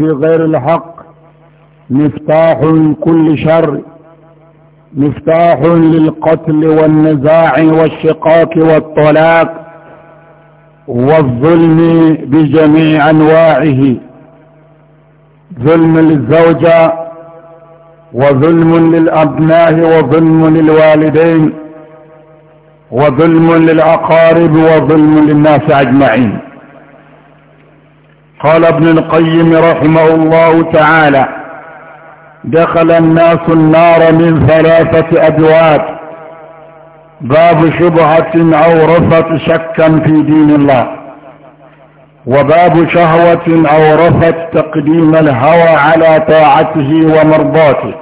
في غير الحق مفتاح كل شر مفتاح للقتل والنزاع والشقاق والطلاق والظلم بجميع أنواعه ظلم للزوجة وظلم للأبناء وظلم للوالدين وظلم للأقارب وظلم للناس أجمعين قال ابن القيم رحمه الله تعالى دخل الناس النار من ثلاثة أبواب باب شبهة أو رفة شكا في دين الله وباب شهوة أو رفة تقديم الهوى على طاعته ومرضاته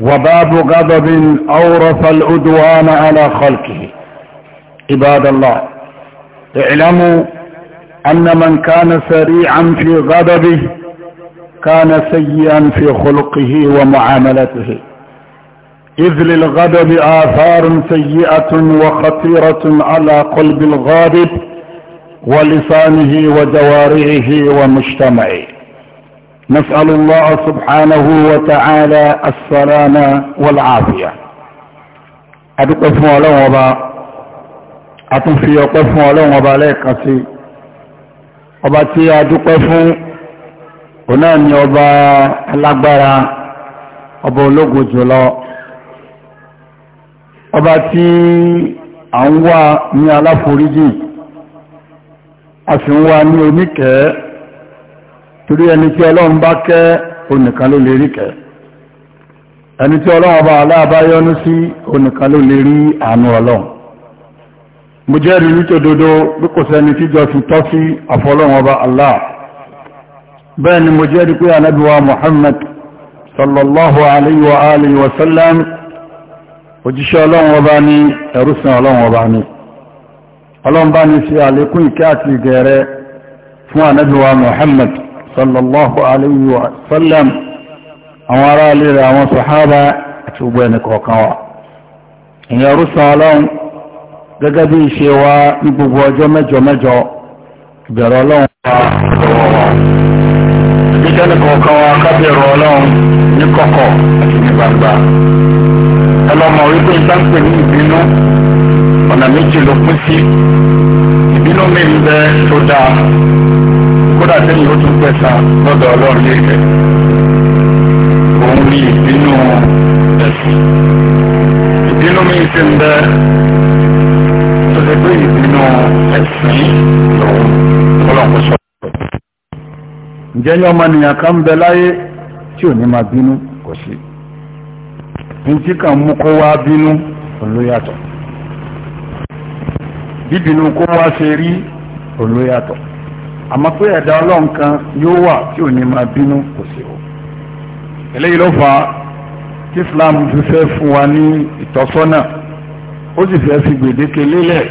وباب غضب أورث العدوان على خلقه عباد الله اعلموا أن من كان سريعا في غضبه كان سيئا في خلقه ومعاملته إذ للغضب آثار سيئة وخطيرة على قلب الغاضب ولسانه وجوارحه ومجتمعه نسأل الله سبحانه وتعالى السلام والعافية أدقف ولو وبا أتنفي ولو وبا ليك ọba tí a dúpẹ́ fún òun náà ni ọba alágbára ọba ológo jùlọ ọba tí a ń wá ní aláforíjì a sì ń wá ní oníkẹ́ torí ẹni tí ọlọ́run bá kẹ́ onìkan ló lè rí kẹ́ ẹni tí ọlọ́run ọba aláàbáyọ́nú sí onìkan ló lè rí àánú ọlọ́run mo jẹ́rìí nítòdodo bí kò sẹ́ni tíjọ fi tọ́ sí àfọlọ́wọ́n ọba Allah bẹ́ẹ̀ ni mo jẹ́rìí pé anábíwá Muhammad sallallahu alayhi wa alihi wa sallam òjíṣẹ́ ọlọ́wọ́n ọba ní ẹrúsìn ọlọ́wọ́n ọba ní ọlọ́wọ́n bá ní sí àlékún ìkẹ́ àti ìgẹ̀rẹ́ fún anábíwá Muhammad sallallahu alayhi wa sallam àwọn ará gẹ́gẹ́ bí ìṣe wa ní gbogbo ọjọ́ mẹ́jọ mẹ́jọ bẹ̀rẹ̀ ọlọ́run wa lọ́wọ́ wa jíjẹ́ nìkọ̀ọ̀kan wa kábẹ̀rẹ̀ ọlọ́run ní kọ̀kọ̀ àti ní gbangba ẹlọ́mọ wípé ìtàǹpẹ̀ ní ìbínú ọ̀nà méjì ló pín sí ìbínú mi ń bẹ tó dáa kódà sẹ́yìn ó tún pẹ̀sà lọ́dọ̀ ọlọ́run lè fẹ́ òun ní ìbínú ẹ̀sìn ìbínú mi ti ń bẹ tó lè pé ìbínú ẹ̀sìn lòun ọlọ́run sọ. ǹjẹ́ ní ọmọnìyàn kan ń láyé tí ò ní bínú kò sí ntí kan mú kó wá bínú òun yàtọ̀ bíbínú kó wá ṣe rí àmọ́ ẹ̀dá yóò wà tí ò ní máa bínú kò sí o eléyìí ló fà fi fẹ́ fún wa ní ìtọ́sọ́nà. ó sì fẹ́ fi gbèdéke lélẹ̀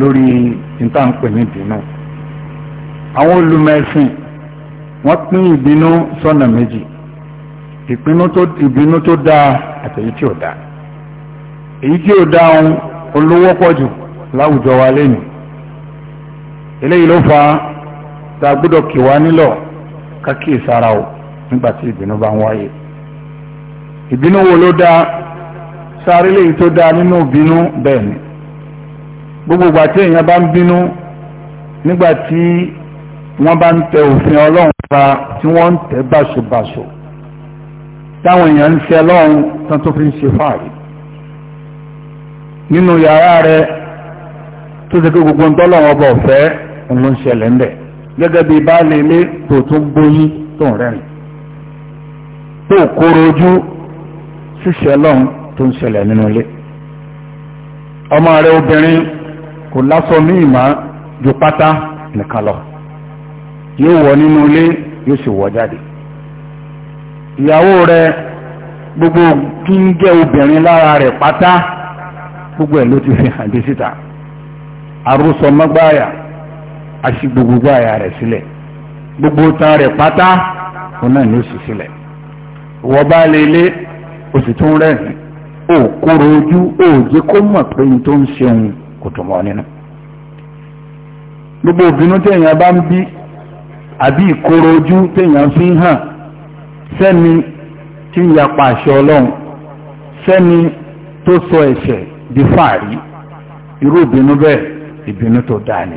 lórí ìtànpẹ̀ ní àwọn olùmẹ̀sìn wọ́n pín ìbínú sọ́nà méjì ìbínú tó dáa àtẹ̀yí tí ò dáa èyí tí ò dáa ohun olówó pọ̀ jù láwùjọ wa lẹ́nu eléyìí ló fa tá a gbọ́dọ̀ nílọ̀ ká kíyèsára o nígbà tí ìbínú bá ń wáyé ìbínú wo ló dáa sáré léyìí tó dáa nínú bínú bẹ́ẹ̀ ni gbogbo ìgbà tí èèyàn bá ń bínú nígbà tí wọ́n bá ń tẹ òfin ọlọ́run fa tí wọ́n ń tẹ báṣubàṣu táwọn èèyàn ń ṣe ọlọ́run tán tó fi ń ṣe fáàrí nínú yàrá rẹ tó ṣe pé gbogbo ń tọ́lọ́run ọba ọ̀fẹ́ ló ń ṣẹlẹ̀ ńbẹ̀ gẹ́gẹ́ bíi baálé ilé tó tún gbóyún tó ń rẹ́rìn tó kóró ojú ṣíṣe ọlọ́run tó ń ṣẹlẹ̀ nínú ilé ọmọ rẹ obìnrin kò lásọ ní ìmọ̀ ju pátá nìkan lọ yóò wọ nínú ilé yóò sì wọ jáde ìyàwó rẹ gbogbo kí ń jẹ́ obìnrin lára rẹ̀ pátá gbogbo ẹ̀ ló ti fi hàn dé síta àrùsọ mọ́gbáyà àti gbogbo àyà rẹ̀ sílẹ̀ gbogbo tan rẹ̀ pátá òun náà ni ó sì sílẹ̀ ìwọ bá lè lé òsì tún rẹ̀ o koro ojú ò jẹ́ kó mọ̀ pé n tó ń ṣeun kò tó mọ́ nínú gbogbo òbínú téèyàn bá ń bí àbí ìkóró ojú téèyàn fi ń hàn sẹ́ni tí ń yapa àṣẹ ọlọ́run sẹ́ni tó sọ ẹ̀ṣẹ̀ di fàárí irú ìbínú bẹ́ẹ̀ ìbínú tó dáa ni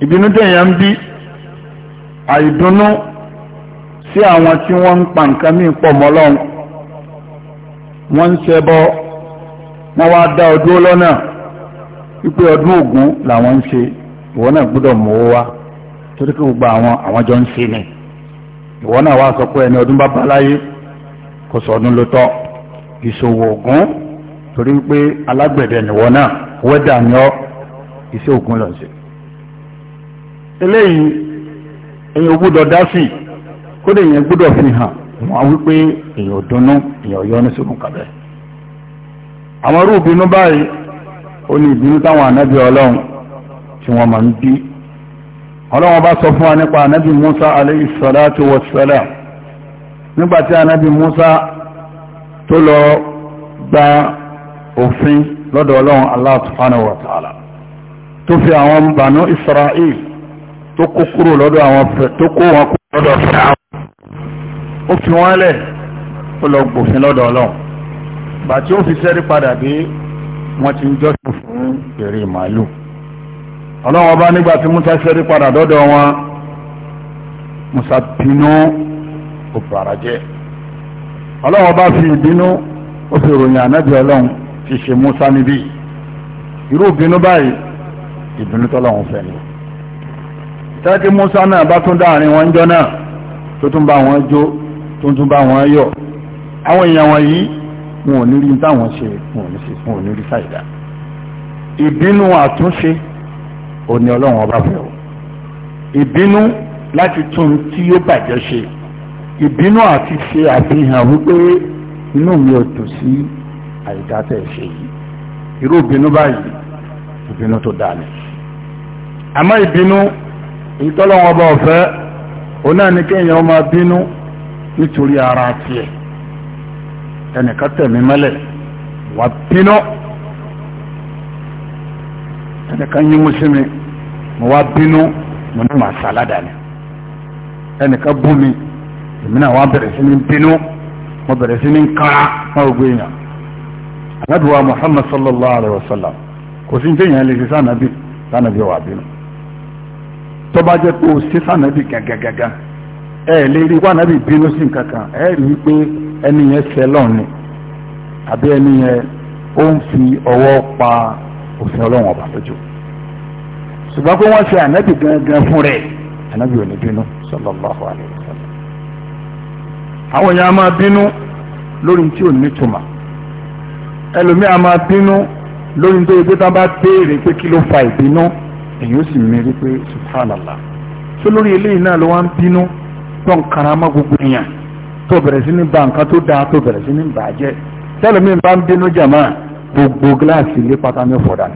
ìbínú téèyàn ń bí àìdùnnú sí àwọn tí wọ́n ń pa nǹkan míì pọ̀ mọ́ Ọlọ́run wọ́n ń ṣẹbọ wọ́n wá dá ọdún lọ́nà wípé ọdún Ògún làwọn ń ṣe ìwọ náà gbọ́dọ̀ mọ̀ ó wá torí pé gbogbo àwọn àwọn jọ ń ṣe ni ìwọ náà wá sọ pé ẹni ọdún bá bá láyé kò sọ ọdún ló tọ́ ìṣòwò Ògún torí pé alágbẹ̀dẹ nìwọ náà wẹ́dà ni ọ́ iṣẹ́ Ògún lọ́sẹ̀ eléyìí ẹ̀yin ò gbọ́dọ̀ dá sí i. kódà èèyàn gbọ́dọ̀ fi hàn wọ́n wípé èèyàn dunnú èèyàn yọ ní sókùn kàbẹ́ àwọn irú ìbínú báyìí ó ní ìbínú táwọn ànábì ọlọ́run tí wọ́n máa ń bí ọlọ́run bá sọ fún wa nípa Musa alayhi salatu wa salam nígbà tí Musa tó lọ gba òfin lọ́dọ̀ ọlọ́run Allah subhanahu ta'ala tó fi àwọn tó kó kúrò ó fi wọ́n lẹ̀ ó lọ gbòfin lọ́dọ̀ ọlọ́run bàtí ó fi sẹ́rí padà dé wọ́n ti ń jọ́sìn fún èrè màálù ọlọ́run ọba nígbà tí musa sẹ́rí padà dọ́dọ̀ wọn musa bínú ó bàrà jẹ́ ọlọ́run ọba fi ìbínú ó fi ròyìn ànábì ọlọ́run ti ṣe musa níbí irú ìbínú báyìí ìbínú tọ́lọ́run fẹ́ ni tẹ́tí musa náà bá tún dáàrin wọn jọ náà tó tún bá wọn jó tó tún bá wọn yọ̀ àwọn èèyàn wọ̀nyí wọn ò ní rí táwọn ṣe wọn ò ní ṣe wọn ò ní rí fàyídà ìbínú àtúnṣe ò ní ọlọ́run ọba fẹ́ o ìbínú láti tún tí ó bàjẹ́ ṣe ìbínú àti ṣe àfihàn wípé inú mi ò tò sí àyíká ṣe yìí irú ìbínú báyìí ìbínú tó dáa ni àmọ́ ìbínú ìtọ́lọ́wọ́n ọba ọ̀fẹ́ òun náà ní kéèyàn máa bínú nítorí ara tiẹ̀ ẹnìkan tẹ̀mí mẹ́lẹ̀ wà bínú ẹnìkan yín mú sí mi mo wá bínú mo ní màá sàládà ni ẹnìkan bú mi èmi náà wá bẹ̀rẹ̀ sí ní bínú mo bẹ̀rẹ̀ sí ní kára má gbogbo èèyàn alábìwá Muhammad sallallahu alayhi wa sallam kò sí ní tẹ̀yìn lè ṣe sànàbí sànàbí wà bínú tó bá jẹ́ pé o ṣe sànàbí gàgàgàgà ẹ lè rí wà nábì bínú sí nǹkan kan ẹ rí pé ẹni yẹn ṣẹ lọ́run ni àbí ẹni yẹn ó ń fi ọwọ́ pa òfin ọlọ́run ọba lójú ṣùgbọ́n pé wọ́n ṣe ànábì gangan fún rẹ̀ ànábì ò ní bínú sallallahu alaihi wasallam. àwọn èèyàn a máa bínú lórí tí ò ní tùmà ẹlòmíì a máa bínú lórí tó yẹ pé tá a bá béèrè pé kí ló fa ìbínú èyí ó sì mérí pé subhanallah tó lórí eléyìí náà ló wá ń bínú tó ń karama gbogbo èèyàn tó bẹ̀rẹ̀ sí ní ba nǹkan tó dáa tó bẹ̀rẹ̀ sí ní bàjẹ́ tẹ́lẹ̀mí bá ń bínú jàmá gbogbo gíláàsì ilé pátá ní fọ̀dà ni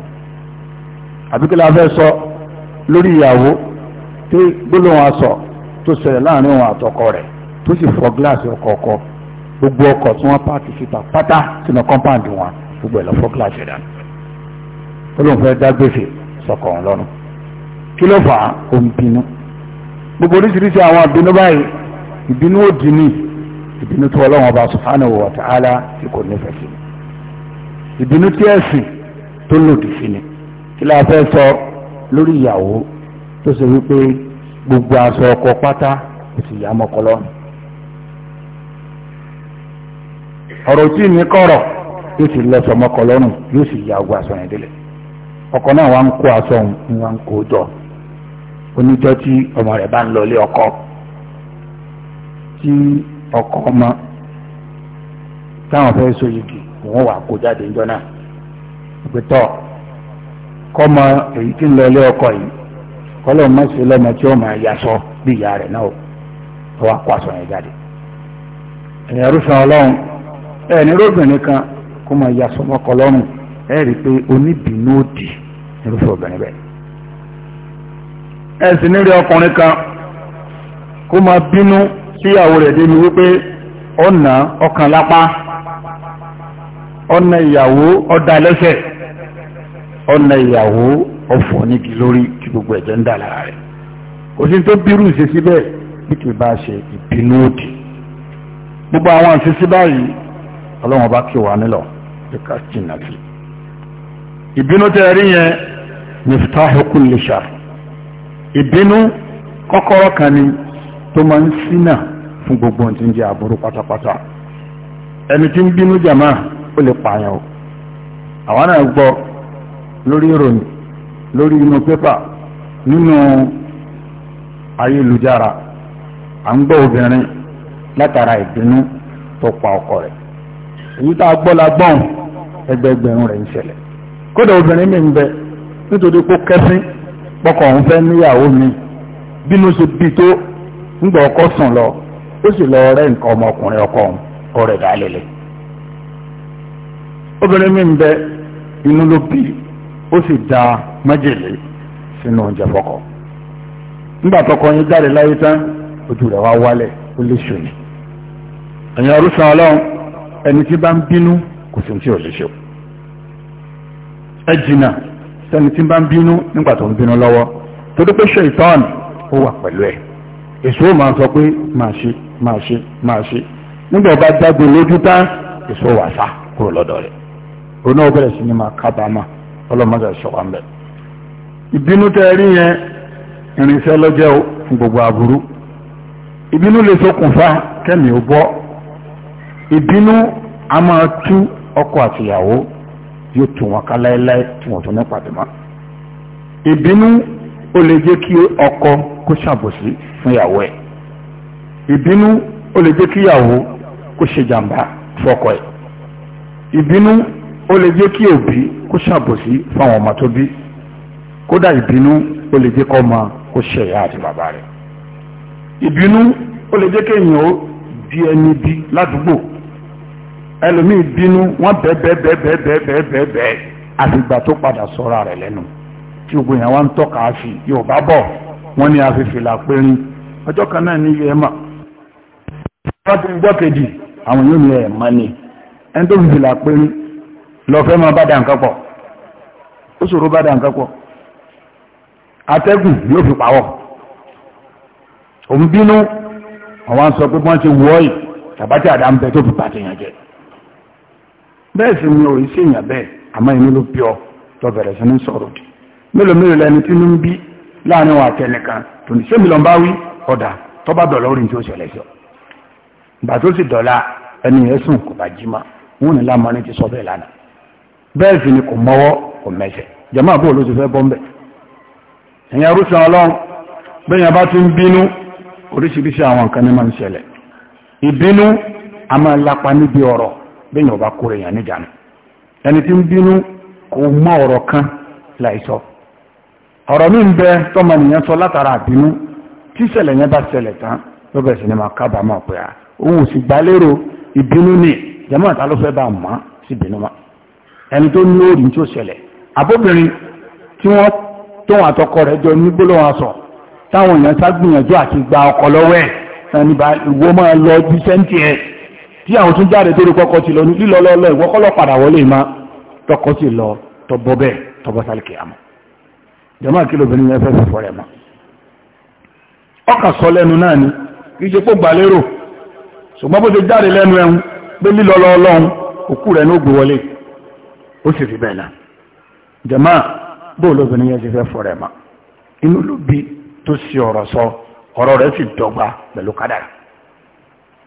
àbíkílà fẹ́ sọ lórí ìyàwó tí gbólóhùn aṣọ tó ṣẹlẹ̀ láàrin òun àtọkọ rẹ̀ tó sì fọ́ gíláàsì ọkọ̀ ọkọ̀ gbogbo ọkọ̀ tí wọ́n pààkì síta pátá sínú kọ́ńpáàndì wọn gbogbo ẹ̀ lọ fọ́ gíláàsì dànù ó lóun fẹ́ dá gbèsè sọkọ̀ gbogbo oríṣiríṣi àwọn ìbínú báyìí ìbínú òdì ni ìbínú tó ọlọ́run ọba subhanahu wa ta'ala tí kò nífẹ̀ẹ́ sí ìbínú tí ẹ̀sìn tó lòdì sí ni kí la fẹ́ sọ lórí ìyàwó tó ṣe wípé gbogbo aṣọ ọkọ pátá kò sì yá mọ́kọlọ́ ọ̀rọ̀ tí mi kọ̀rọ̀ yóò sì lọ sọmọkọ lọ́rùn yóò sì yá ọgbà aṣọ yẹn délẹ̀ ọkọ náà wá ń kó aṣọ òun wá ń kó jọ. oníjọ́ tí ọmọ rẹ̀ bá ń lọ ọkọ tí ọkọ ọmọ táwọn fẹ́ so yìgì wọ́n wà kó jáde ńjọ́ náà ìpètọ́ kọ́mọ èyí tí ń lọ ọkọ yìí kọ́lọ́ má ṣe lọ́mọ tí ó máa yasọ bí ìyá rẹ̀ náà ó wá kó ẹ̀sìn nírí ọkùnrin kan kó ma bínú síyàwó rẹ̀ débi wípé ọ̀nà ọkàn lápá ọ̀nà ìyàwó ọ̀dà lẹ́sẹ̀ ọ̀nà ìyàwó ọ̀fọ̀ lórí tí gbogbo ẹ̀jẹ̀ ń dà lára rẹ̀ kò sí tó bírù ṣe síbẹ̀ bí kì í bá ṣe ìbínú òdì gbogbo àwọn àṣìṣe báyìí ọlọ́run ọba kí wà nílọ bí ká jìnnà sí ìbínú yẹn ìbínú kọ́kọ́rọ́ kan ni tó máa ń ṣínà fún gbogbo ohun ń jẹ́ pátápátá ẹni tí ń bínú jàmá ó lè pààyàn o àwọn náà gbọ́ lórí ìròyìn lórí inú pépà nínú ayélujára à ń gbọ́ obìnrin látara ìbínú ọkọ rẹ̀ èyí tá a gbọ́ la gbọ́n ẹgbẹgbẹ̀rún rẹ̀ ń ṣẹlẹ̀ kódà obìnrin mi ń bẹ nítorí pọkọ òun fẹ́ níyàwó mi bínú ṣe bí tó ńgbà ọkọ sùn lọ ó sì lọ rẹ nǹkan ọmọkùnrin ọkọ òun ọrẹ dálẹlẹ obìnrin mi ń bẹ inú ló bí ó sì da májèlé sínú oúnjẹ fọkọ nígbà tọkọ yín jáde láyé tán ojú rẹ̀ wá wálẹ̀ ó lè ṣòyìn ẹ̀yin ọrùsàn Ọlọ́run ẹni tí bá ń bínú kò sí ní tí ò lè ṣe ẹ jìnnà sẹ́ni tí ń bá ń bínú nígbà tó ń bínú lọ́wọ́ torí pé ṣèitán ó wà pẹ̀lú ẹ̀ èso ó máa sọ pé máa ṣe máa ṣe máa ṣe nígbà bá jágbe lójú tán èso wà sá kúrò lọ́dọ̀ rẹ̀ òun náà bẹ̀rẹ̀ sí ni máa kábàámà ọlọ́mọdé ibinu bẹ̀. ìbínú tẹ rí yẹn irinṣẹ́ lọ́jẹ́ o fún gbogbo ìbínú lè ṣokùnfà kẹ́mi bọ́ ìbínú a máa tú àtìyàwó yóò tún wọn ká láéláé tí wọn tún ní pàdé mọ́ ìbínú ó lè jẹ́ kí ọkọ kó ṣàbòsí fún ìyàwó ẹ̀ ìbínú ó lè jẹ́ kí ìyàwó kó ṣe jàǹbá fọ́kọ ẹ̀ ìbínú ó lè jẹ́ kí òbí kó ṣàbòsí fáwọn ọmọ tó bí kódà ìbínú ó lè jẹ́ kọ́ ọmọ kó ṣe ìyá àti bàbá rẹ̀ ìbínú ó lè jẹ́ kéèyàn ó di ẹni bí ládùúgbò ẹlòmíì bínú wọ́n bẹ́ẹ̀ bẹ́ẹ̀ bẹ́ẹ̀ bẹ́ẹ̀ bẹ́ẹ̀ bẹ́ẹ̀ bẹ́ẹ̀ bẹ́ẹ̀ àfìgbà tó padà sọ́ra rẹ̀ lẹ́nu tí gbogbo yẹn wá ń tọ́ka àfi yorùbá bọ̀ wọ́n ní àfìfìlà périn ọjọ́ kan náà ní yẹ́mà wọ́n ti gbọ́ kejì àwọn yóò ní ẹ̀mà ni ẹni tó fìfìlà périn lọ́fẹ́ máa bá dànkan pọ̀ ó ṣòro bá dànkan pọ̀ atẹ́gùn yóò fi pàwọ̀ òun bínú àwọn sọ pé wọ́n ti wọ́ yìí tàbátì àdá tó fi bàtẹ̀yàn jẹ́ bẹ́ẹ̀ sì ni òun sí èèyàn bẹ́ẹ̀ àmọ́ inú ló bí ọ lọ bẹ̀rẹ̀ sí ní sọ̀rọ̀ dì mélòó mélòó lẹni tí ló ń bí láàrin wọn àtẹnìkan tó ní sẹ́mi lọ́n bá wí ọ̀dà tó bá dọ̀lọ́ orin tí ó ṣẹlẹ̀ sọ ìgbà tó sì dọ̀la ẹni yẹn sùn kò bá jí ma wọn ni lámọ́ni ti sọ bẹ́ẹ̀ lánàá bẹ́ẹ̀ sì ni kò mọ́wọ́ kò mẹ́sẹ̀ jama bó ló ti fẹ́ bọ́ ń bẹ̀ bẹ́yìn ọba kó èèyàn níjànú ẹni tí ń bínú kò mọ ọ̀rọ̀ kan láìsọ ọ̀rọ̀ mi ń bẹ tọ́mọ nìyẹn sọ látara àbínú tí ìṣẹ̀lẹ̀ yẹn bá ṣẹlẹ̀ tán ló bẹ̀rẹ̀ sí ni máa kábàámọ̀ pé à òun ò sì gbálérò ìbínú ni jẹ́mọ́ àtà ló bá mọ́ sí ìbínú ẹni tó ní ṣẹlẹ̀ àbóbìnrin tí wọ́n tóun àtọkọ rẹ̀ jọ ní táwọn èèyàn ọkọ lọ́wọ́ ẹ̀ ẹni bá máa lọ bí sẹ́ńtì tí àwọn tún jáde torí kọ́kọ́ ti lọ lílọ lọ́lọ́ ìwọ́kọ́lọ́ padà wọlé ma tọkọ ti lọ tọbọ bẹ́ẹ̀ tọbọ sálìkì àmọ́ jọmọ́ kí lóbìnrin yẹn fẹ́ fífọ́ rẹ̀ mọ́ ọkà sọ lẹ́nu náà ni kì í ṣe pé gbàlérò ṣùgbọ́n bó ṣe jáde lẹ́nu ẹ̀hún pé lílọ lọ́lọ́hún òkú rẹ̀ ní ògbé wọlé ó sì rí bẹ́ẹ̀ náà jọmọ́ bó lóbìnrin yẹn ṣe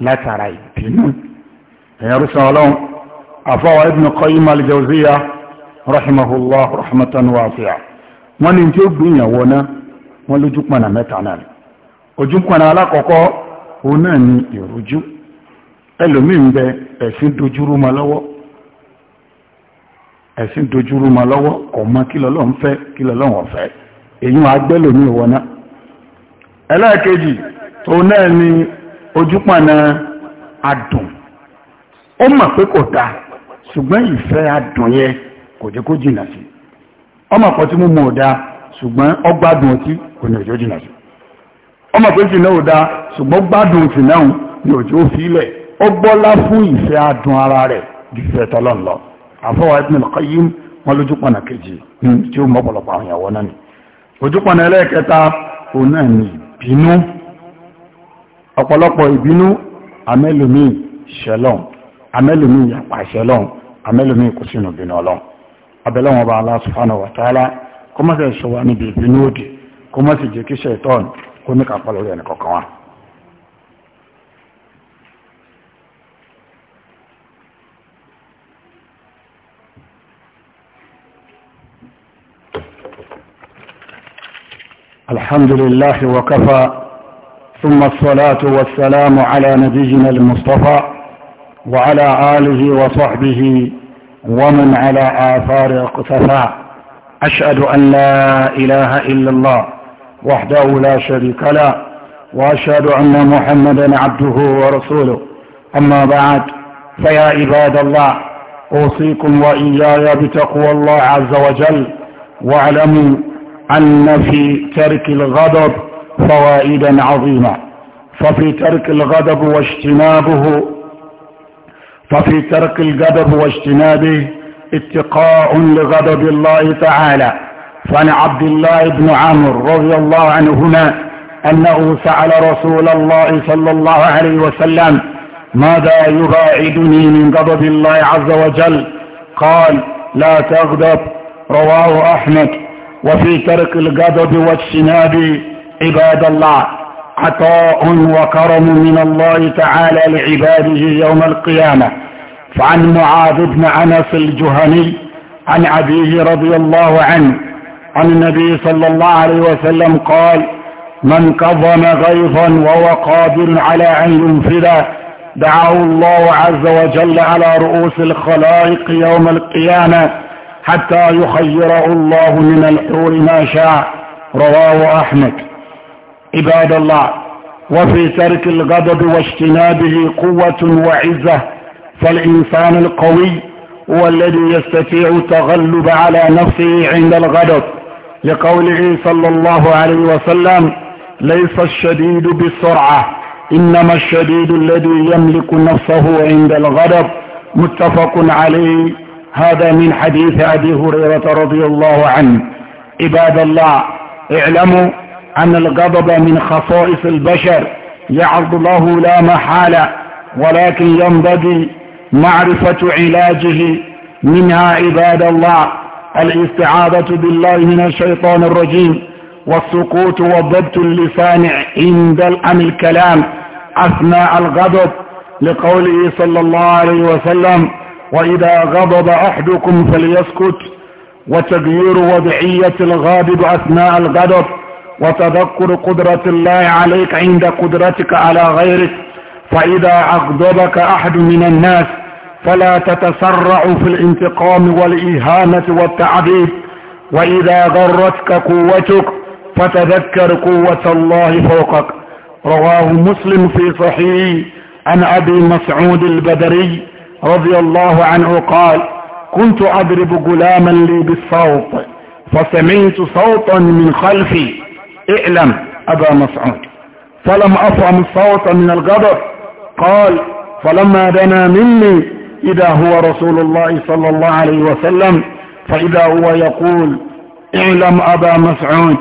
látara ìbínú ẹ̀yàn rúṣan ọlọ́run àfọwọ́ Ibn Qayyim al-Jawziyya rahimahullah rahmatan wasi'a wọ́n ní tí ó gbìyànwó náà wọ́n lójú pọ̀nà mẹ́ta náà ojú pọ̀nà alákọ̀ọ́kọ́ náà ni ìrújú ẹlòmíín bẹ ẹ̀sìn dojúrú ma lọ́wọ́ ẹ̀sìn dojúrú ma lọ́wọ́ kò mọ kí lọ́lọ́run fẹ́ kí lọ́lọ́run ọ̀fẹ́ èyí wọn ẹlẹ́ẹ̀kejì tó náà ni ojúpọ̀nà adùn ó mọ̀ pé kò da ṣùgbọ́n ìfẹ́ adùn yẹn kò jẹ́ kó jìnà sí ọmọ pọ̀ tí mo mọ̀ ò ṣùgbọ́n ọgbádùn ọtí kò ní òjò jìnà sí ọmọ pé jìnà ò ṣùgbọ́n gbádùn ọtí náà ní òjò fílẹ̀ ó gbọ́lá fún ìfẹ́ adùn ara rẹ̀ ju ìfẹ́ tọ́lọ́n lọ àfọwọ́ wọn lójúpọ̀nà kejì tí ó mọ̀ pọ̀lọpọ̀ àwọn ìyàwó náà ni ojúpọ̀nà ẹlẹ́ẹ̀kẹta òun ni ọ̀pọ̀lọpọ̀ ìbínú amẹ́lùmí ṣẹlọ́n amẹ́lùmí yàpá ṣẹlọ́n amẹ́lùmí kò sínú bínú ọlọ́n abẹ́lẹ́wọ̀n bá Allah subhanahu kó má ṣe wá níbi ìbínú òdì kó má jẹ́ kí ṣẹ̀tọ́n kó ní kápá lórí ẹnì kọ̀ọ̀kan wa. alhamdulillahi wa kafa ثم الصلاة والسلام على نبينا المصطفى وعلى آله وصحبه ومن على آثار اقتفى أشهد أن لا إله إلا الله وحده لا شريك له وأشهد أن محمدا عبده ورسوله أما بعد فيا عباد الله أوصيكم وإياي بتقوى الله عز وجل واعلموا أن في ترك الغضب فوائدا عظيمة ففي ترك الغضب واجتنابه ففي ترك الغضب واجتنابه اتقاء لغضب الله تعالى فعن عبد الله بن عمرو رضي الله عنهما أنه سأل رسول الله صلى الله عليه وسلم ماذا يباعدني من غضب الله عز وجل قال لا تغضب رواه أحمد وفي ترك الغضب واجتناب عباد الله عطاء وكرم من الله تعالى لعباده يوم القيامة فعن معاذ بن أنس الجهني عن أبيه رضي الله عنه عن النبي صلى الله عليه وسلم قال من كظم غيظا وهو قادر على أن ينفذه دعاه الله عز وجل على رؤوس الخلائق يوم القيامة حتى يخيره الله من الحور ما شاء رواه أحمد عباد الله وفي ترك الغضب واجتنابه قوة وعزة فالإنسان القوي هو الذي يستطيع التغلب على نفسه عند الغضب لقوله صلى الله عليه وسلم ليس الشديد بالسرعة إنما الشديد الذي يملك نفسه عند الغضب متفق عليه هذا من حديث أبي هريرة رضي الله عنه عباد الله اعلموا أن الغضب من خصائص البشر يعرض له لا محالة ولكن ينبغي معرفة علاجه منها عباد الله الاستعاذة بالله من الشيطان الرجيم والسقوط وضبط اللسان عند عن الكلام أثناء الغضب لقوله صلى الله عليه وسلم وإذا غضب أحدكم فليسكت وتغيير وضعية الغاضب أثناء الغضب وتذكر قدرة الله عليك عند قدرتك على غيرك فإذا أغضبك أحد من الناس فلا تتسرع في الانتقام والإهانة والتعذيب وإذا غرتك قوتك فتذكر قوة الله فوقك رواه مسلم في صحيح عن أبي مسعود البدري رضي الله عنه قال كنت أضرب غلاما لي بالصوت فسمعت صوتا من خلفي اعلم أبا مسعود فلم أفهم الصوت من الغضب قال فلما دنا مني إذا هو رسول الله صلى الله عليه وسلم فإذا هو يقول اعلم أبا مسعود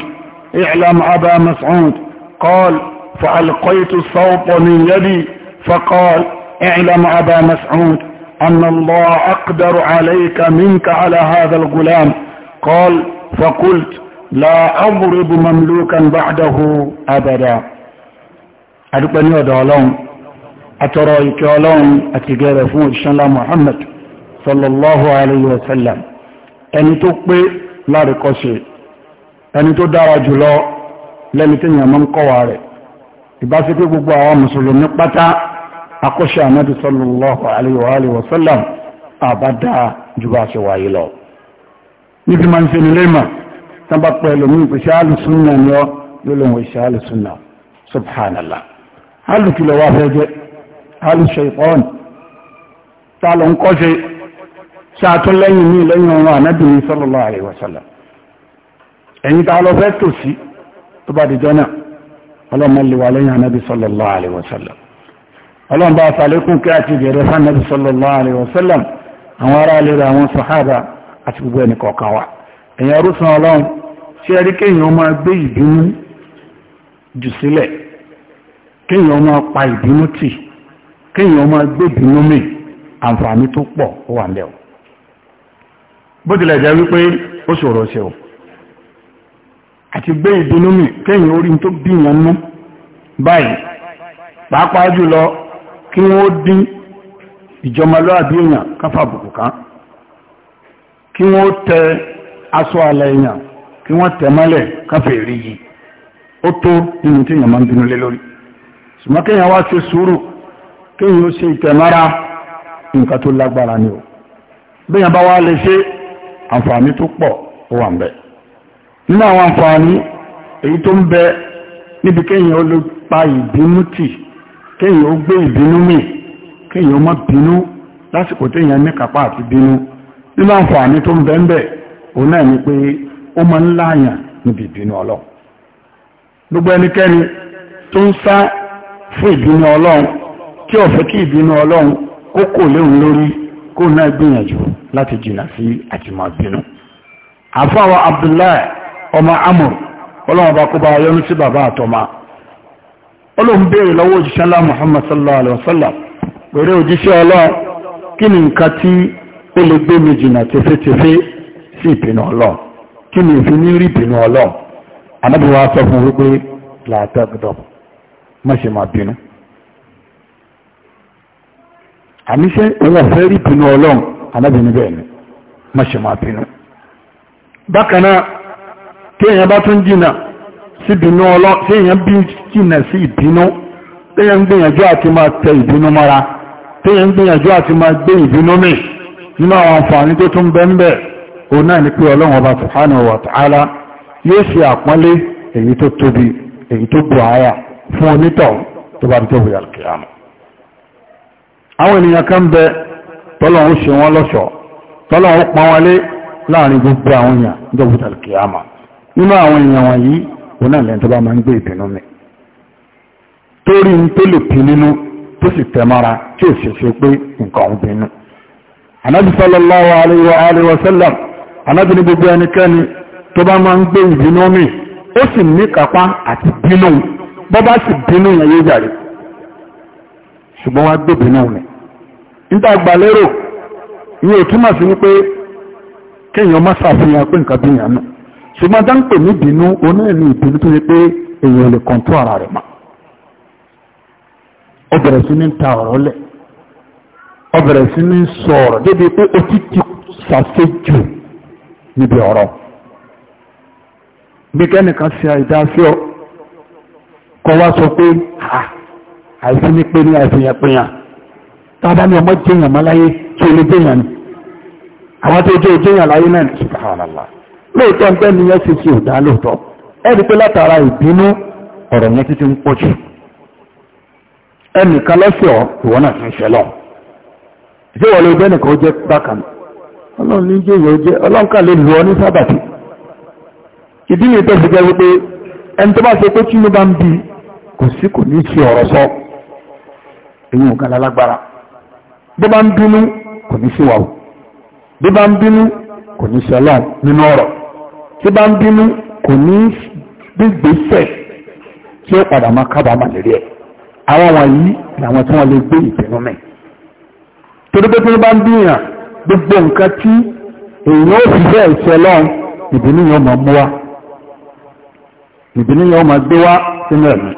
اعلم أبا مسعود قال فألقيت الصوت من يدي فقال اعلم أبا مسعود أن الله أقدر عليك منك على هذا الغلام قال فقلت la agbúrúbù mamlúkan ba'dahu abada adúpẹ́ ní ọ̀dọ̀ ọlọ́run àtọrọ ìkẹ́ ọlọ́run àti gẹ̀rẹ̀ fún òṣìṣẹ́lá muhammad sallallahu alayhi wa sallam ẹni tó pé lárikọ́ṣe ẹni tó dára jùlọ lẹ́ni tí yàmọ́ ń kọwà rẹ̀ ìbáṣepé gbogbo àwọn mùsùlùmí pátá akọ́ṣẹ́ ànábì sallallahu alayhi wa sallam àbádá jù wáyé lọ níbi máa ń ṣe nílé máa tán bá pẹ́ lómi ìpèsè alùsùnà ni ọ yóò lóun ìṣe alùsùnà subhanallah alùkìlọ̀ wà fẹ́ jẹ́ alùsọ ìpọ́n tá ló ń kọ́ṣe ṣáàtún lẹ́yìn ní lẹ́yìn ọ̀run ànábìnrin sallallahu alaihi wasallam ẹ̀yìn tá lọ fẹ́ tòsí tó bá dìjọ́ náà ọlọ́mọ lè wà lẹ́yìn ànábì sallallahu alaihi wasallam kí a ti bẹ̀rẹ̀ fánàbí sallallahu alaihi wasallam àwọn ará lè ra àwọn sàhábà àti gbogbo ẹnì kọ̀ọ̀kan wa èyàn rúsan ọlọ́run tí ẹ rí kéèyàn máa gbé ìbínú jù sílẹ̀ kéèyàn máa pa ìbínú tì kéèyàn máa gbé ìbínú mì àǹfààní tó pọ̀ ó wà lẹ́ọ̀ bó tilẹ̀ jẹ́ wípé ó ṣòro ṣe o àti gbé ìbínú mì kéèyàn orí tó bíyàn nú báyìí pàápàá jùlọ kí wọ́n dín ìjọmọlúwàbí èèyàn káfàbùkù kan kí wọ́n tẹ aṣọ ala èèyàn kí wọ́n tẹ̀ káfẹ́ rí yìí ó tó nínú tí èèyàn máa ń bínú lé lórí ṣùgbọ́n kéèyàn wá ṣe sùúrù kéèyàn ó ṣe ìtẹ̀mára nǹkan tó lágbára ni o béèyàn bá wá lè ṣe àǹfààní tó pọ̀ ó wà ń nínú àwọn àǹfààní èyí tó ń bẹ níbi kéèyàn ó lè pa ìbínú tì kéèyàn ó gbé ìbínú mì kéèyàn ó bínú lásìkò téèyàn ní kápá àti bínú nínú àǹfààní tó òun náà ni pé ó máa ń láàyàn níbi ìbínú ọlọ́run gbogbo ẹnikẹ́ni tó ń sá fún ìbínú ọlọ́run tí ó kí ìbínú ọlọ́run ó kò léhun lórí kó náà gbìyànjú láti jìnà sí àtìmọ̀ ìbínú Abdullahi ọmọ Amr ọlọ́run bá kó bá yọ́nú sí bàbá àtọ́mà ọlọ́run béèrè lọ́wọ́ òjíṣẹ́ ńlá Muhammad sallallahu alaihi wasallam pẹ̀lú òjíṣẹ́ sí ìpinnu ọlọ́ kí ni òfin ní rí ìpinnu ọlọ́ anábì wa sọ fún wípé làtẹ́gbẹ̀dọ̀ má ṣe máa bínú àníṣe òun ọ̀fẹ́ rí ìpinnu ọlọ́run anábì níbẹ̀ ni má ṣe máa bínú bákan náà tí èèyàn bá tún jìnà sí ìbínú ọlọ́ tí èèyàn bí jìnà sí ìbínú tí gbìyànjú àti máa tẹ ìbínú mọ́ra tí gbìyànjú àti máa gbé ìbínú mì nínú àwọn àǹfààní tó tún bẹ́ẹ̀ òun náà ni pé ọlọ́run ọba subhanahu wa ta'ala yóò ṣe àpọ́nlé èyí tó tóbi èyí tó bù àyà fún onítọ̀ tó bá tó bùyà kìíyàmù àwọn ènìyàn kan bẹ tọ́lọ́run ṣe wọ́n lọ́ṣọ̀ọ́ tọ́lọ́run pọ́n wọn lé láàrin gbogbo àwọn èèyàn tó bùyà kìíyàmù nínú àwọn èèyàn wọ̀nyí òun náà lẹ́yìn tó bá máa ń gbé ìbínú mi torí ń tó lè pin nínú tó sì tẹ̀ mara tí ò ṣe ṣe pé nǹkan ń bínú. Ànábì sallallahu alaihi wa sallam anábì ní gbogbo ẹnikẹ́ni tó bá máa ń gbé ìbínú mi ó sì ní kápá àti bínú bọ́ bá sì bínú yẹn yóò jàre ṣùgbọ́n wá gbé ìbínú mi níta gbàlérò ìyẹn ò túmọ̀ sí wípé kéèyàn má ṣàfihàn pé nǹkan bí yàn náà ṣùgbọ́n dáńpè ní ìbínú onílẹ̀ ní ìbínú tó ṣe pé èèyàn lè kọ̀ǹtó ara rẹ̀ mọ́ ó bẹ̀rẹ̀ sí ní ta ọ̀rọ̀ lẹ̀ ó bẹ̀rẹ̀ sí ní sọ ọ̀rọ̀ débi pé ó ti ti ṣàṣejù níbi ọ̀rọ̀ bí kẹ́nìkan ṣe àìdásí ọ kọ wá sọ pé àìsí ní pé ní àìsíyàn pèèyàn tàbá ní ọmọ jẹyàn máláyé tí ó lè jẹyàn ni àwọn tó jẹ́ jẹyàn láyé náà subhanallah lóòótọ́ nígbẹ́ ni yẹn ṣe ṣe ò dá lóòótọ́ ẹni pé látara ìbínú ọ̀rọ̀ yẹn títí ń pọ̀ jù ẹnìkan lọ́sẹ̀ ọ̀ ìwọ náà ń ṣẹlọ̀ ìṣèwọ̀lẹ̀ ìbẹ́nìkan ó jẹ́ bákan ọlọ́run ní jẹ́ ìyẹ́ jẹ́ ọlọ́run kà lè lù ọ ní sábàtì ìdí ni ìtọ́sí jẹ́ wípé ẹni tó bá ṣe pé tínú bá ń bi kò sí kò ní ṣe ọ̀rọ̀ sọ èyí ò kan lálágbára bí bá ń bínú kò ní ṣe wà bí bá ń bínú kò ní ṣe ọlọ́run nínú ọ̀rọ̀ tí bá ń bínú kò ní gbígbésẹ̀ tí ó padà máa kábàámà lérí ẹ̀ àwọn wọ̀nyí làwọn tí wọ́n lè gbé ìbínú mẹ́ torí pé tí wọ́n bá ń bíyàn gbogbo nǹkan tí èèyàn ó fi bẹ́ẹ̀ ṣe lọ́n ìbínú yẹn máa mú wá ìbínú yẹn máa gbé wá sínú ẹ̀mí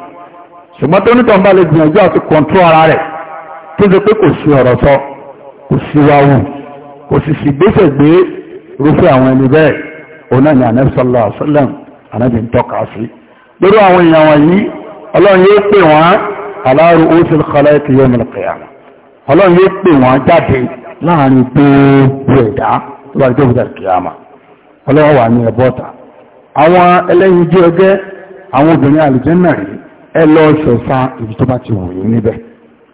ṣùgbọ́n tó nítorí bá lè gbìyànjú àti kọ̀ǹtró ara rẹ̀ tó ṣe pé kò sí ọ̀rọ̀ sọ kò sí wa wù kò sì sì gbéṣẹ̀ gbé irúfẹ́ àwọn ẹni bẹ́ẹ̀ òun ni ànábì sallallahu alaihi ń tọ́ka sí lórí àwọn èèyàn wọ̀nyí ọlọ́run yóò pè wọ́n ala ru'usil khalaiqi yawm al-qiyamah ọlọ́run yóò pè wọ́n jáde láàrin gbogbo ẹ̀dá tó bá rí gbogbo kìyàmà ọlọ́wọ́ wà ní ẹ̀bọ́ta àwọn ẹlẹ́yin jẹ́ ọgẹ́ àwọn obìnrin àlùjẹ́nà rí ẹ lọ ṣọ̀fà ibi tó bá ti wù yín níbẹ̀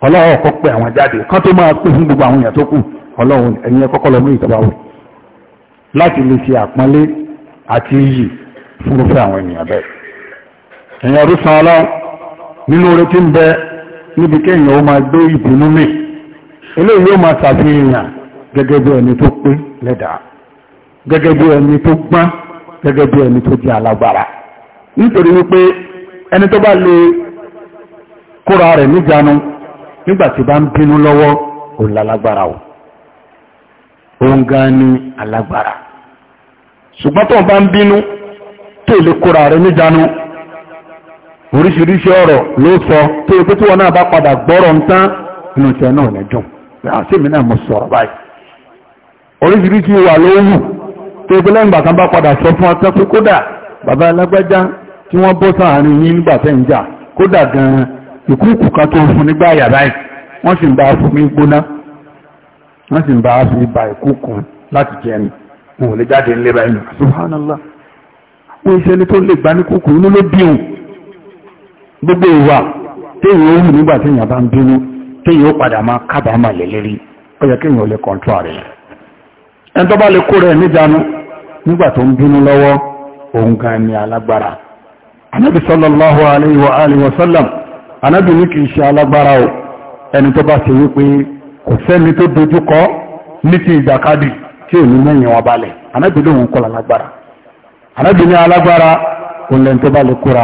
ọlọ́wọ́ kọ́ pé àwọn jáde kán tó máa pè fún gbogbo àwọn èèyàn tó kù ọlọ́wọ́ ẹ̀yìn ẹ̀kọ́kọ́ lọ mú ìjọba wù láti ó máa gbé ìbínú mìí eléyìí yóò máa ṣàfihàn gẹ́gẹ́ bí ẹni tó pé lẹ́dàá gẹ́gẹ́ bí ẹni tó gbọ́n gẹ́gẹ́ bí ẹni tó jẹ́ alágbára nítorí wípé ẹni tó bá lè kóra rẹ̀ níjànú nígbà bá ń bínú lọ́wọ́ lálágbára o òun gan ni alágbára ṣùgbọ́n tó bá ń bínú tó lè kóra rẹ̀ níjànú oríṣiríṣi ọ̀rọ̀ ló sọ tó yẹ pé tí wọn náà bá padà gbọ́rọ̀ ń tán inú tẹ àṣìmí ah, náà mo sọ̀rọ̀ báyìí oríṣiríṣi wà ló wù tó gbẹ́lẹ́ ìgbà kan bá padà sọ fún ọtọ́ kódà bàbá alágbájá tí wọ́n bọ́ sáàárín yín nígbà tẹ́ ń jà kódà gan-an ìkúùkù kan tó fún nígbà wọ́n sì ń bá fún mi gbóná wọ́n sì ń bá fún mi ba ìkúùkù láti jẹ mi wọn ò lè jáde ńlẹ̀ báyìí subhanallah wọ́n iṣẹ́ ni tó téèyàn ó padà máa kábàámà lé lérí ó yẹ kéèyàn ó lè kọ́ńtró rẹ̀ ẹni tó bá lè kó rẹ̀ níjànú nígbà tó ń bínú lọ́wọ́ òun gan ni alágbára anábì sallallahu alayhi wa alihi wa sallam anábì ní kìí ṣe alágbára o ẹni tó bá ṣe wípé kò sẹ́ni tó dojúkọ ní ti ìjàkadì tí èmi mẹ́yìn wọn balẹ̀ anábì lóhun kọ́ lálágbára anábì ní alágbára òun lẹ́ni tó bá lè kóra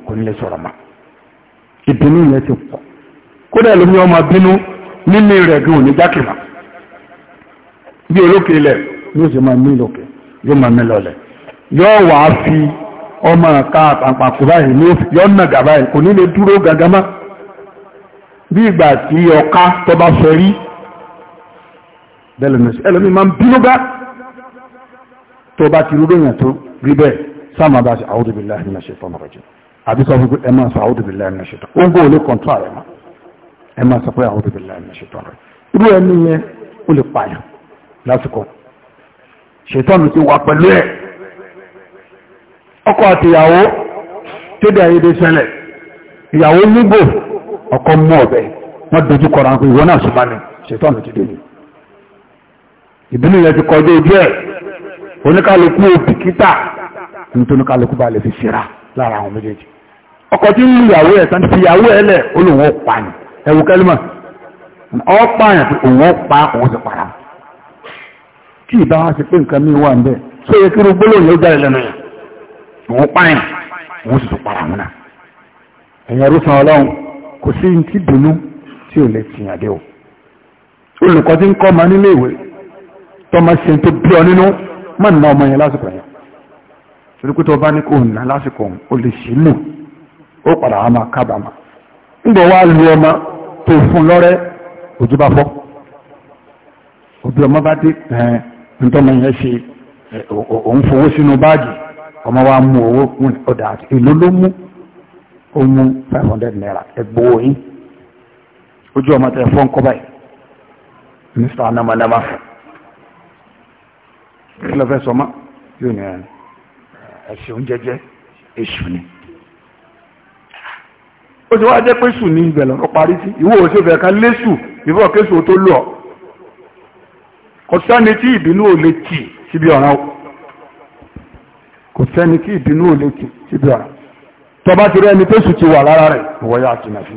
kò ní ìbínú yẹn ti pọ̀ kódà lómi ọmọ bínú nínú rẹ̀ gan òní jákèmá bí olókè ilẹ̀ yóò ṣe máa mí lókè yóò máa mí lọlẹ̀ yóò wà fi ọmọ ká àpapọ̀ báyìí ní yóò nà gàbá yìí kò ní lè dúró gàgámá bí ìgbà tí ọká tó bá bẹ́ẹ̀ lọ́nà ẹlòmí máa ń bínú bá tó bá ti àbí sọ fún ẹ máa sọ a'udhu billahi minash shaitan ó ń gbọ́ olè kọ̀ǹtà rẹ̀ mọ́ ẹ máa sọ pé a'udhu billahi minash shaitan rẹ̀ irú ẹni yẹn ó lè pààyàn lásìkò ṣètọ́nù ti wà pẹ̀lú ẹ̀ ọkọ àti ìyàwó kéde àyèdè ṣẹlẹ̀ ìyàwó nígbò ọkọ mú ọ̀bẹ wọ́n dojú kọra pé ìwọ náà súnmọ́ ni ṣètọ́nù ti dèlè ìbínú yẹn ti kọjá ojú ẹ̀ oníkálukú òbíkítà nítorí kálukú bá lè fi ṣera. lára àwọn méjèèjì ọkọ tí ń lu ìyàwó ẹ̀ sàn ti ìyàwó ẹ̀ lẹ̀ ó lòun ó pa ni ẹ̀wù kẹ́límà ọ́ pààyàn òun pa òun ti para tí ìbá wá sí pé nǹkan mi wà níbẹ̀ tó yẹ kí rúgbólò jáde lẹ́nu òun pààyàn òun sì ọlọ́run kò sí ti dùnú tí ò o olùkọ́ tí ń kọ́ ọmọ nílé ìwé ṣe ọ nínú nínú ọmọ yẹn lásìkò torí pé tó bá ní kò ná lásìkò lè ó padà wá máa kábàámà nígbà wá lu ọmọ tó fún lọ́rẹ́ ojú bá fọ́ òbí ọmọ bá dé ntọ́mọ yẹn ṣe òun fowó sínú báàgì ọmọ wa mú owó ọ̀dà èlò ló mú ó mú five naira ẹgbowó yín ojú ọmọ tẹ fọ́n mr anamanama kí ló fẹ́ sọ ma yóò àṣeun jẹ́jẹ́ èṣù ni ó ti wá jẹ́ pé èṣù ni ibẹ̀ lọ́rọ̀ parí sí ìwọ òṣèfẹ́ kan lẹ́sù ìfọ̀ kéṣù tó lù ọ́ kò sẹ́ni tí ìbínú ò lè tì síbi ọ̀ràn kò sẹ́ni tí ìbínú ò lè tì síbi ọ̀ràn tọba ti rẹ́ni tẹ́sù ti wà lára rẹ̀ ìwọ yà ti nà sí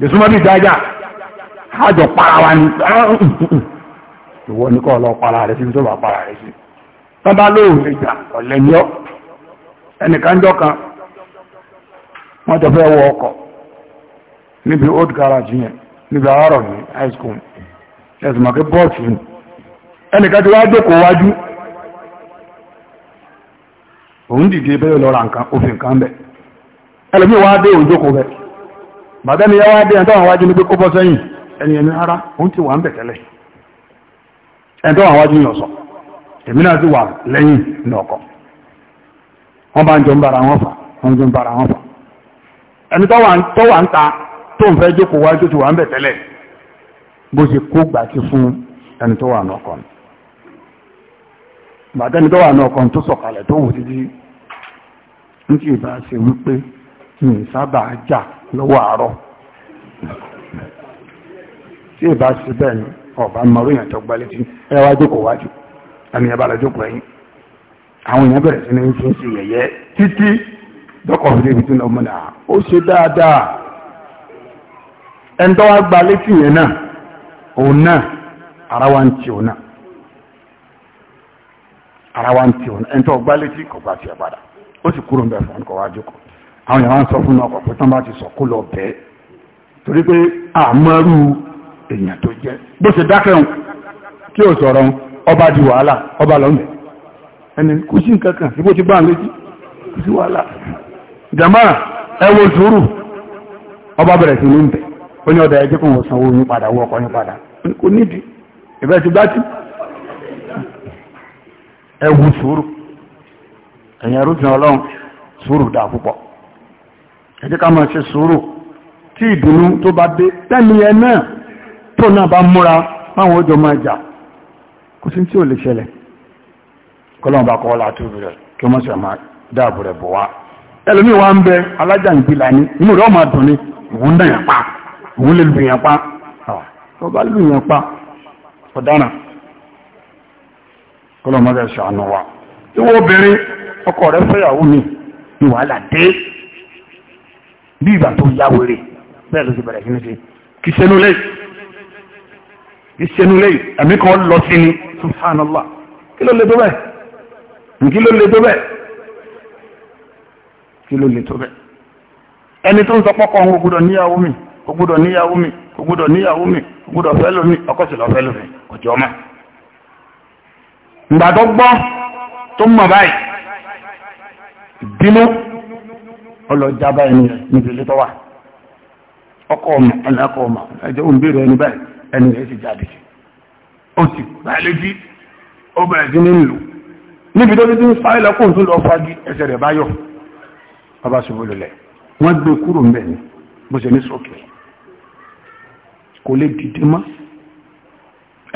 lèṣù mọ́ àjọ para wa ni ìwọ ní kọ́ lọ para rẹ̀ sí tó bá para rẹ̀ sí tọ́ba lóòrè jà ọ̀lẹ́ni ọ́ ẹnìkan jọ wọ́n ọkọ fẹ́ wọ ọkọ̀ níbi old garage yẹn níbi àárọ̀ ní high school ẹ̀sùn bọ́ọ̀sì ni ẹnìkan ti wá jókòó wájú òun dìde bẹ́ẹ̀ lọ nǹkan òfin nǹkan bẹ̀ ẹlòmíì wá dé òun jókòó bẹ̀ bàtà dé ẹ̀ntọ́ àwọn wájú sẹ́yìn ẹni ẹni òun ti wà ń bẹ̀ wọ́n bá ń jọ ń bára wọn fà wọ́n jọ ń bára ẹni tó wà ń ta tó ń fẹ́ jókòó wájú wà ń bẹ̀ tẹ́lẹ̀ bó ṣe kó fún ẹni tó wà ní ọkọ̀ ni tó wà tó sọ̀kalẹ̀ tó wù títí ń kì í bá ṣe wípé mi sábà jà lọ́wọ́ àárọ̀ tí ṣe bẹ́ẹ̀ ni ọ̀bá ìyàtọ̀ tí ẹ wájú ẹ bá lọ àwọn èèyàn bẹ̀rẹ̀ sí na fi ń yẹ̀yẹ́ títí dọ́kọ̀ fi débi tó náà ó ṣe dáadáa ẹni tó wá gba létí yẹn náà òun náà ara wa ń ti òun náà ara wa ń ti òun tó àwọn èèyàn wá ń sọ fún ọkọ̀ pé ti sọ kó torí pé àmọ́rú èèyàn tó jẹ́ kí ò sọ̀rọ̀ ọba di wàhálà ọba ẹni kò sí nǹkan kan síbó ti bá ń kò sí jama sùúrù ọba bẹ̀rẹ̀ sí ní ń bẹ̀ ó ní ọ̀dà ẹjẹ́ kò wọ́n sanwó yín padà yín padà kò ìbẹ̀ ti gbá tí ẹ sùúrù ẹ̀yìn arúgbìn ọlọ́run sùúrù ṣe sùúrù tí ìdùnnú tó bá dé kọ́lọ́n bá kọ́wọ́ látó rẹ̀ kí wọ́n sọ máa dáàbò rẹ̀ bọ̀ wá ẹlòmíì wá ń bẹ alájà níbi lání inú rẹ̀ ọmọ dùn ni òun dàn yàn pa òun lè lùyàn pa ọ bá lùyàn pa ọ̀daràn kọ́lọ́n máa sọ àánú wa ìwọ obìnrin ọkọ rẹ̀ fẹ́yàwó ni ni dé bí ìgbà tó yá bẹ́ẹ̀ ló ti bẹ̀rẹ̀ sí kì í ẹ̀mí kan lọ sí ni subhanallah kí ló lè tó bẹ́ẹ̀ nkí ló le tó bẹ́ẹ̀ kí ló le tó bẹ́ẹ̀ ẹni tó ń sọ pọ́kọ́ òun gbọ́dọ̀ níyàwó mi kò níyàwó mi níyàwó mi kò fẹ́ lómi ọkọ lọ fẹ́ lómi ọjọ́ mọ́ ìgbà tó gbọ́ tó mọ̀ báyìí bínú ọlọ́jà báyìí níbi tó wà ọkọ ọmọ ẹni akọ ọmọ ẹjọ́ òun béèrè ẹni báyìí ẹni rẹ̀ jáde ó sì báyìí níbi tó títí ń sáré lọ́kùn tó lọ fagi ẹsẹ̀ rẹ̀ báyọ̀ bàbá ṣubú wọ́n gbé kúrò mẹ́ ni bó ṣe ní sókè kò lè dìde mọ́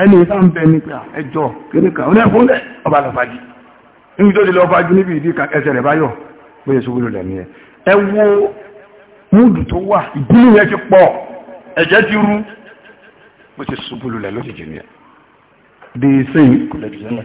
ẹni ìta ń bẹ ní pé ẹjọ́ kíníkà ó ní ẹ̀fún lẹ̀ ọba lọ fagi níbi ni ẹ ẹ wo múdù tó wà ìbínú yẹn ti pọ̀ ẹ̀jẹ̀ ti rú bó ṣe ṣubú lulẹ̀ ló ti jẹ ní ẹ dèé sẹ́yìn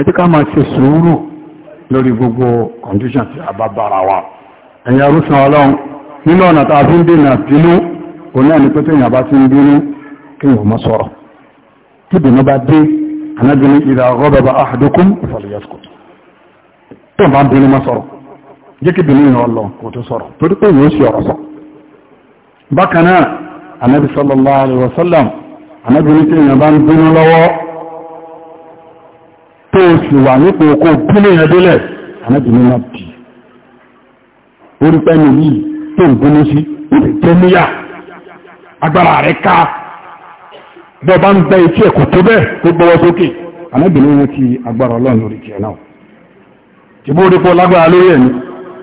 ẹ jẹ́ ká máa ṣe sùúrù lórí gbogbo condition tí a bá bára wa ẹ̀yà rúsan ọlọ́run nínú ọ̀nà tá a fi ń dènà bínú òun náà ni pé téèyàn bá ti ń bínú kéèyàn mọ́ sọ̀rọ̀ tí bínú bá dé anábìnrin ìlà ghadaba ahadukum falyasqut tó bá ń bínú mọ́ sọ̀rọ̀ jẹ́ kí bínú yàn lọ kò tó sallallahu alaihi wasallam anábìnrin téèyàn bá ń bínú tó sì wà nípò okó pílé ẹdúlẹ̀ anábìnrin náà dì orí pẹ́ni yìí tó ń gúnú sí ìrìn jẹ́ níyà agbára rẹ̀ ká bọ́ bá ń gbẹ́ etí ẹ̀kọ́ tó bẹ́ẹ̀ tó gbọ́wọ́ sókè anábìnrin rẹ̀ kí agbára ọlọ́run lórí jẹ́ náà tí bó orípo lágbára lórí ẹ̀mí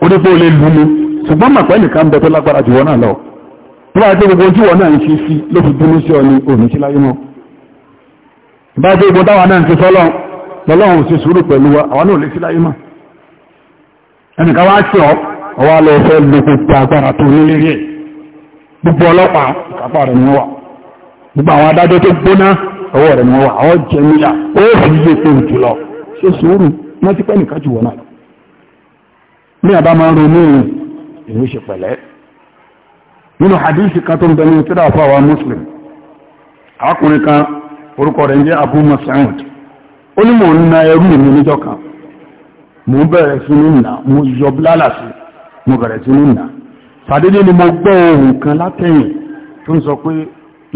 orípo lè lú mi ṣùgbọ́n màpẹ́ nìkan ń bẹ tó lágbára jù wọ́n náà lọ bá dé dé gbogbo táwọn náà ń ṣe sọ́lọ́run lọ́lọ́run ti sùúrù pẹ̀lú wa àwọn náà lè sí láyé mọ́ ẹnìkan wá sí ọ ọwá lọ fẹ́ lo gbogbo agbára tó ní lérí ẹ̀ gbogbo ọlọ́pàá kápá rẹ̀ ni wà gbogbo àwọn adájọ́ tó gbóná ọwọ́ rẹ̀ ni wà àwọn jẹmíyà ó fi yé pé jùlọ ṣe sùúrù wọ́n ti pẹ́ nìkan jù wọ́n náà ní àbá máa ń ronú ìlú ṣe pẹ̀lẹ́ nínú hadisi kan tó ń bẹnu tí dáa fún àwọn muslim arákùnrin kan orúkọ rẹ̀ ń jẹ́ abu mas'ud onu ní na ẹrú mi níjọ́ kan mo bẹ̀rẹ̀ sí ní nà mo yọ bílálà mo bẹ̀rẹ̀ sí ní nà ni mo gbọ́ ohun kan látẹ̀yìn tó ń sọ pé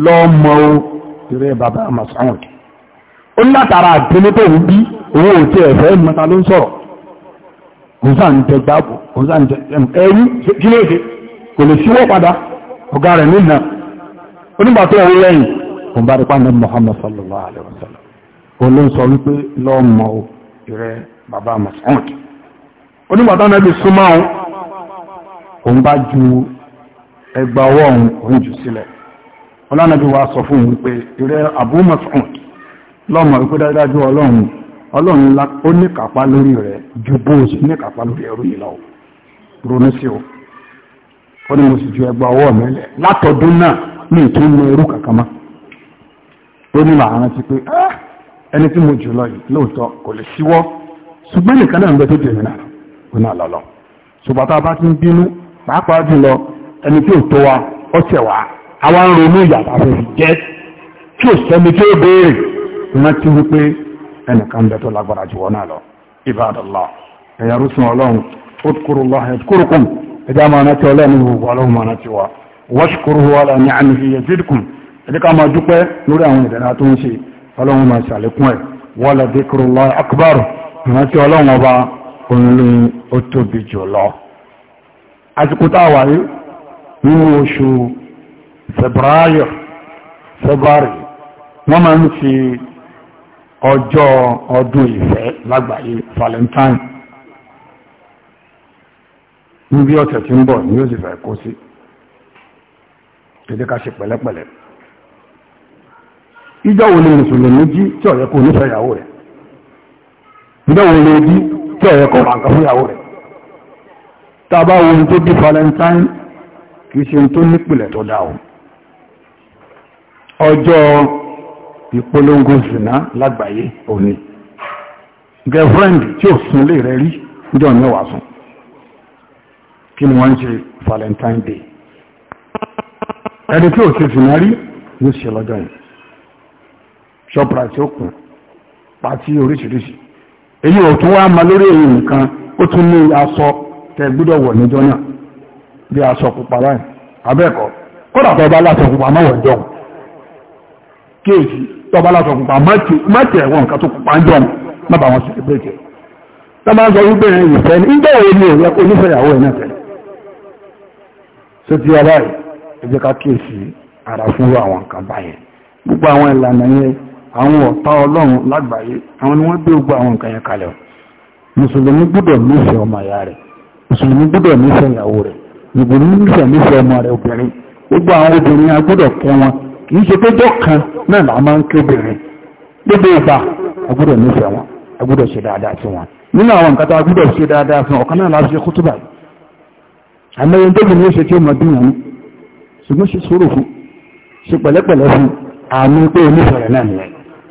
lọ́mọ o ìrẹ́ bàbá àmàsáwọn ó ní látara àtẹlé tó ń bí owó òtí ẹ̀fẹ́ mọ́ta ló ń sọ̀rọ̀ òun sáà ń kò lè sọ wípé lọ́mọ ìrẹ bàbá Mas'ud onígbàtà náà bí súnmọ́ òun òun bá ju ẹgbà ọwọ́ ọ̀hún òun jù sílẹ̀ ọlọ́nàbí wa sọ fún òun pé ìrẹ Abu Mas'ud lọ́mọ wípé dájú ọlọ́run ọlọ́run ńlá ó lórí rẹ̀ ju bóòsì lórí ẹrú yìí ronú sí o ó ní mo sì ju ẹgbà ọwọ́ látọ̀dún náà ní ẹrú ó ní màá rántí pé ah, ẹni tí mo jùlọ yìí lóòótọ́ kò lè ṣíwọ́ ṣùgbọ́n nìkan náà ń bẹ tó tèmi náà ó náà lọ́lọ́ ṣùgbọ́n tá a bá ti ń bínú pàápàá jùlọ ẹni tí ò tó wa ó tẹ̀ wá àwa ń ronú ìyàtọ̀ àfẹ́fẹ́ jẹ́ tí ò sẹ́ni tí ó béèrè rántí wípé ẹnìkan bẹ tó lágbára jù wọ́n náà lọ ibadallah ẹ̀yà rúṣin ọlọ́run udkurullah yadkurukum ẹ̀dá máa náà ti ọlọ́run ìwòwò ọlọ́run ti wá washkuruhu ọlọ́run máa ṣàlékún ẹ̀ wala dhikrullahi akbar ìrántí ọlọ́run ọba onílé ó tóbi jùlọ àsìkò tá a wà yìí nínú oṣù february february wọ́n máa ń fi ọjọ́ ọdún ìfẹ́ lágbàáyé valentine níbi ọ̀sẹ̀ tí ń bọ̀ ni yóò fẹ́ kó sí kí ká ṣe pẹ̀lẹ́pẹ̀lẹ́ ìjọ wo ni mùsùlùmí jí tí ọ̀yẹ́ kò nífẹ̀ẹ́ ìyàwó rẹ̀ ìjọ wo ni jí tí ọ̀yẹ́ kò ràǹkà fún ìyàwó rẹ̀ tá a bá wo ohun tó bí valentine kì í ṣe ohun tó nípìnlẹ̀ tó o ọjọ́ ìpolongo zina lágbàáyé òní girlfriend tí ò sùn lè rẹ rí ìjọ mẹ́wàá sùn kí ni wọ́n ń ṣe valentine day ẹni tí ò ṣe zina rí yóò ṣe lọ́jọ́ yìí shoprite ó kù pàtí oríṣiríṣi èyí ò tún wá ma lórí èyí nǹkan ó tún ní aṣọ tẹ gbúdọ̀ wọ̀ níjọ́ náà bí aṣọ pupa báyìí abẹ́ẹ̀kọ́ kódà aláṣọ pupa mọ́wọ̀ jọ kéèkì tọba aláṣọ pupa mọ́tì ẹ̀wọ̀n nǹkan tó pupa ń jọ má bà wọn sílẹ̀ bẹ́ẹ̀kẹ́ wípé ni ìyàwó ẹ̀ náà tẹ̀lé ẹ jẹ́ ká kéèsì ara àwọn nǹkan gbogbo àwọn ìlànà yẹn àwọn ọ̀tá ọlọ́run lágbàáyé àwọn ni wọ́n gbé gbogbo àwọn nǹkan yẹn kalẹ̀ mùsùlùmí gbọ́dọ̀ nífẹ̀ẹ́ ọmọ ìyá rẹ̀ mùsùlùmí gbọ́dọ̀ nífẹ̀ẹ́ ìyàwó rẹ̀ mùsùlùmí nífẹ̀ẹ́ nífẹ̀ẹ́ ọmọ rẹ̀ obìnrin gbogbo àwọn obìnrin agbọ́dọ̀ kẹ́ wọn kì í ṣe péjọ kan náà là máa ń ké obìnrin gbogbo ìgbà agbọ́dọ̀ nífẹ̀ẹ́ wọn agbọ́dọ̀ ṣe dáadáa sí wọn nínú àwọn nǹkan tó agbọ́dọ̀ ṣe dáadáa fún ọ̀kan náà àmì pé onífẹ̀ẹ́ náà nìyẹn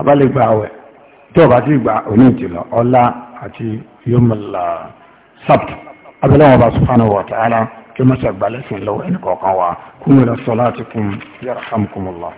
abálẹ́gbà àwẹ̀ tí ọba ti gbà òní ìtìlọ ọlá àti yomula sabt abẹ́lẹ́wọ̀n ọba subhanahu wa ta'ala kí wọ́n ṣàgbálẹ́sìn lọ́wọ́ ẹnì kọ̀ọ̀kan wa kúmùlẹ̀ salatikum yarhamkumullah